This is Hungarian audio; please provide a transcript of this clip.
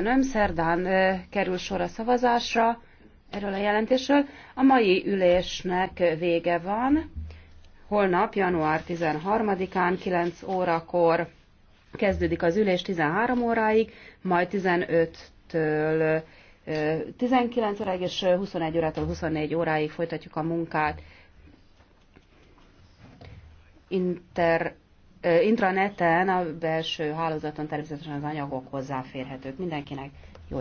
Köszönöm. Szerdán kerül sor a szavazásra erről a jelentésről. A mai ülésnek vége van. Holnap, január 13-án 9 órakor kezdődik az ülés 13 óráig, majd 15-től 19 óráig és 21 órától 24 óráig folytatjuk a munkát. Inter intraneten, a belső hálózaton természetesen az anyagok hozzáférhetők mindenkinek. Jó